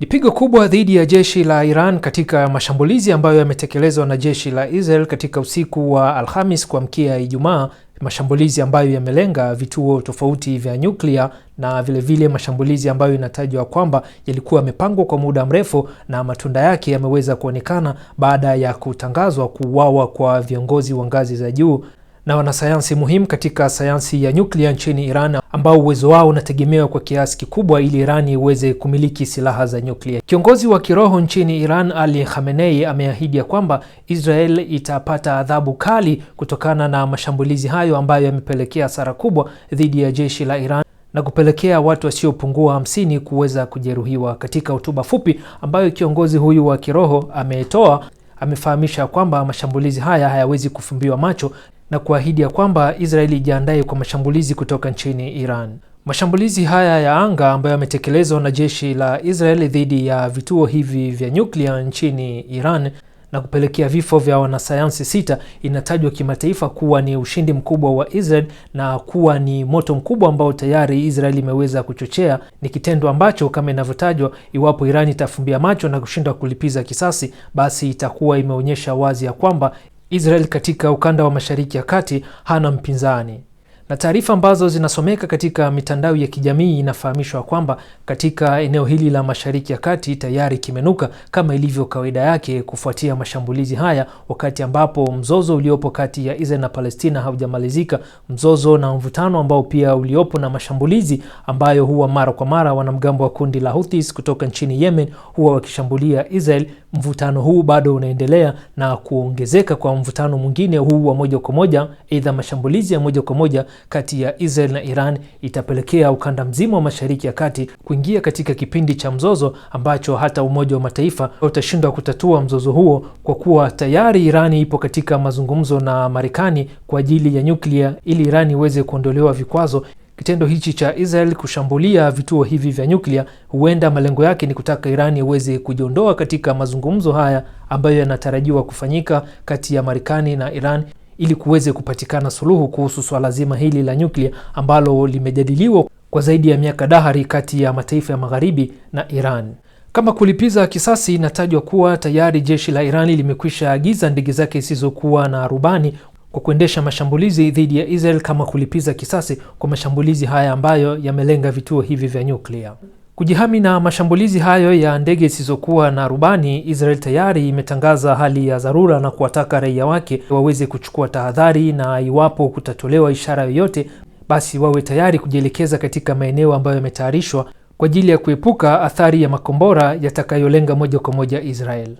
Ni pigo kubwa dhidi ya jeshi la Iran katika mashambulizi ambayo yametekelezwa na jeshi la Israel katika usiku wa Alhamis kuamkia Ijumaa, mashambulizi ambayo yamelenga vituo tofauti vya nyuklia na vilevile vile mashambulizi ambayo inatajwa kwamba yalikuwa yamepangwa kwa muda mrefu na matunda yake yameweza kuonekana baada ya kutangazwa kuuawa kwa viongozi wa ngazi za juu na wanasayansi muhimu katika sayansi ya nyuklia nchini Iran ambao uwezo wao unategemewa kwa kiasi kikubwa ili iran iweze kumiliki silaha za nyuklia. Kiongozi wa kiroho nchini Iran Ali Khamenei ameahidi ya kwamba Israel itapata adhabu kali kutokana na mashambulizi hayo ambayo yamepelekea hasara kubwa dhidi ya jeshi la Iran na kupelekea watu wasiopungua hamsini kuweza kujeruhiwa. Katika hotuba fupi ambayo kiongozi huyu wa kiroho ametoa, amefahamisha kwamba mashambulizi haya hayawezi kufumbiwa macho na kuahidi ya kwamba Israeli ijiandae kwa mashambulizi kutoka nchini Iran. Mashambulizi haya ya anga ambayo yametekelezwa na jeshi la Israeli dhidi ya vituo hivi vya nyuklia nchini Iran na kupelekea vifo vya wanasayansi sita inatajwa kimataifa kuwa ni ushindi mkubwa wa Israel na kuwa ni moto mkubwa ambao tayari Israel imeweza kuchochea. Ni kitendo ambacho kama inavyotajwa, iwapo Iran itafumbia macho na kushindwa kulipiza kisasi, basi itakuwa imeonyesha wazi ya kwamba Israel katika ukanda wa Mashariki ya Kati hana mpinzani. Na taarifa ambazo zinasomeka katika mitandao ya kijamii inafahamishwa kwamba katika eneo hili la Mashariki ya Kati tayari kimenuka kama ilivyo kawaida yake kufuatia mashambulizi haya, wakati ambapo mzozo uliopo kati ya Israel na Palestina haujamalizika, mzozo na mvutano ambao pia uliopo na mashambulizi ambayo huwa mara kwa mara wanamgambo wa kundi la Houthis kutoka nchini Yemen huwa wakishambulia Israel. Mvutano huu bado unaendelea na kuongezeka kwa mvutano mwingine huu wa moja kwa moja, aidha mashambulizi ya moja kwa moja kati ya Israel na Iran itapelekea ukanda mzima wa Mashariki ya Kati kuingia katika kipindi cha mzozo ambacho hata Umoja wa Mataifa utashindwa kutatua mzozo huo, kwa kuwa tayari iran ipo katika mazungumzo na Marekani kwa ajili ya nyuklia ili iran iweze kuondolewa vikwazo. Kitendo hichi cha Israel kushambulia vituo hivi vya nyuklia, huenda malengo yake ni kutaka iran iweze kujiondoa katika mazungumzo haya ambayo yanatarajiwa kufanyika kati ya Marekani na Iran ili kuweze kupatikana suluhu kuhusu swala zima hili la nyuklia ambalo limejadiliwa kwa zaidi ya miaka dahari kati ya mataifa ya Magharibi na Iran. Kama kulipiza kisasi, inatajwa kuwa tayari jeshi la Irani limekwisha agiza ndege zake zisizokuwa na rubani kwa kuendesha mashambulizi dhidi ya Israel kama kulipiza kisasi kwa mashambulizi haya ambayo yamelenga vituo hivi vya nyuklia. Kujihami na mashambulizi hayo ya ndege zisizokuwa na rubani, Israel tayari imetangaza hali ya dharura na kuwataka raia wake waweze kuchukua tahadhari, na iwapo kutatolewa ishara yoyote, basi wawe tayari kujielekeza katika maeneo ambayo yametayarishwa kwa ajili ya kuepuka athari ya makombora yatakayolenga moja kwa moja Israel.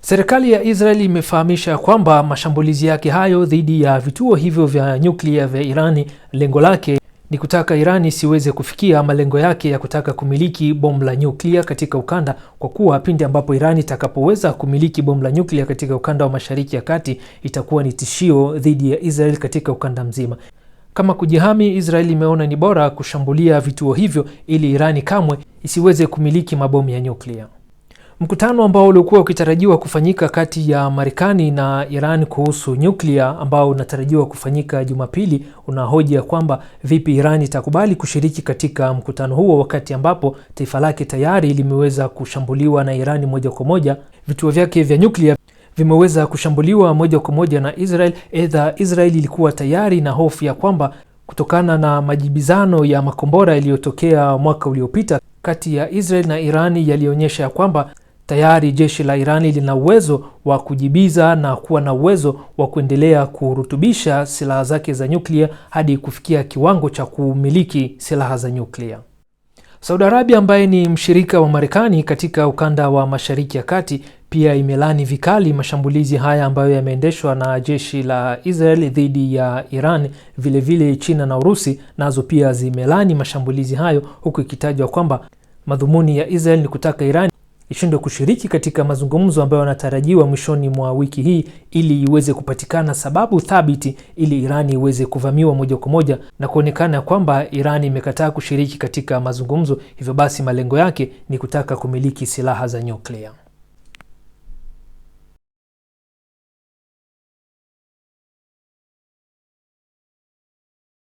Serikali ya Israel imefahamisha kwamba mashambulizi yake hayo dhidi ya vituo hivyo vya nyuklia vya Irani lengo lake ni kutaka Iran isiweze kufikia malengo yake ya kutaka kumiliki bomu la nyuklia katika ukanda, kwa kuwa pindi ambapo Iran itakapoweza kumiliki bomu la nyuklia katika ukanda wa Mashariki ya Kati itakuwa ni tishio dhidi ya Israel katika ukanda mzima. Kama kujihami, Israel imeona ni bora kushambulia vituo hivyo ili Irani kamwe isiweze kumiliki mabomu ya nyuklia. Mkutano ambao ulikuwa ukitarajiwa kufanyika kati ya Marekani na Iran kuhusu nyuklia ambao unatarajiwa kufanyika Jumapili unahoja kwamba vipi Iran itakubali kushiriki katika mkutano huo wakati ambapo taifa lake tayari limeweza kushambuliwa na Iran moja kwa moja, vituo vyake vya nyuklia vimeweza kushambuliwa moja kwa moja na Israel. Aidha, Israel ilikuwa tayari na hofu ya kwamba kutokana na majibizano ya makombora yaliyotokea mwaka uliopita kati ya Israel na Irani yalionyesha ya kwamba Tayari jeshi la Irani lina uwezo wa kujibiza na kuwa na uwezo wa kuendelea kurutubisha silaha zake za nyuklia hadi kufikia kiwango cha kumiliki silaha za nyuklia. Saudi Arabia ambaye ni mshirika wa Marekani katika ukanda wa Mashariki ya Kati pia imelani vikali mashambulizi haya ambayo yameendeshwa na jeshi la Israel dhidi ya Iran. Vilevile vile China na Urusi nazo pia zimelani mashambulizi hayo, huku ikitajwa kwamba madhumuni ya Israel ni kutaka Iran ishindwe kushiriki katika mazungumzo ambayo yanatarajiwa mwishoni mwa wiki hii ili iweze kupatikana sababu thabiti ili Irani iweze kuvamiwa moja kwa moja na kuonekana kwamba Irani imekataa kushiriki katika mazungumzo, hivyo basi malengo yake ni kutaka kumiliki silaha za nyuklia.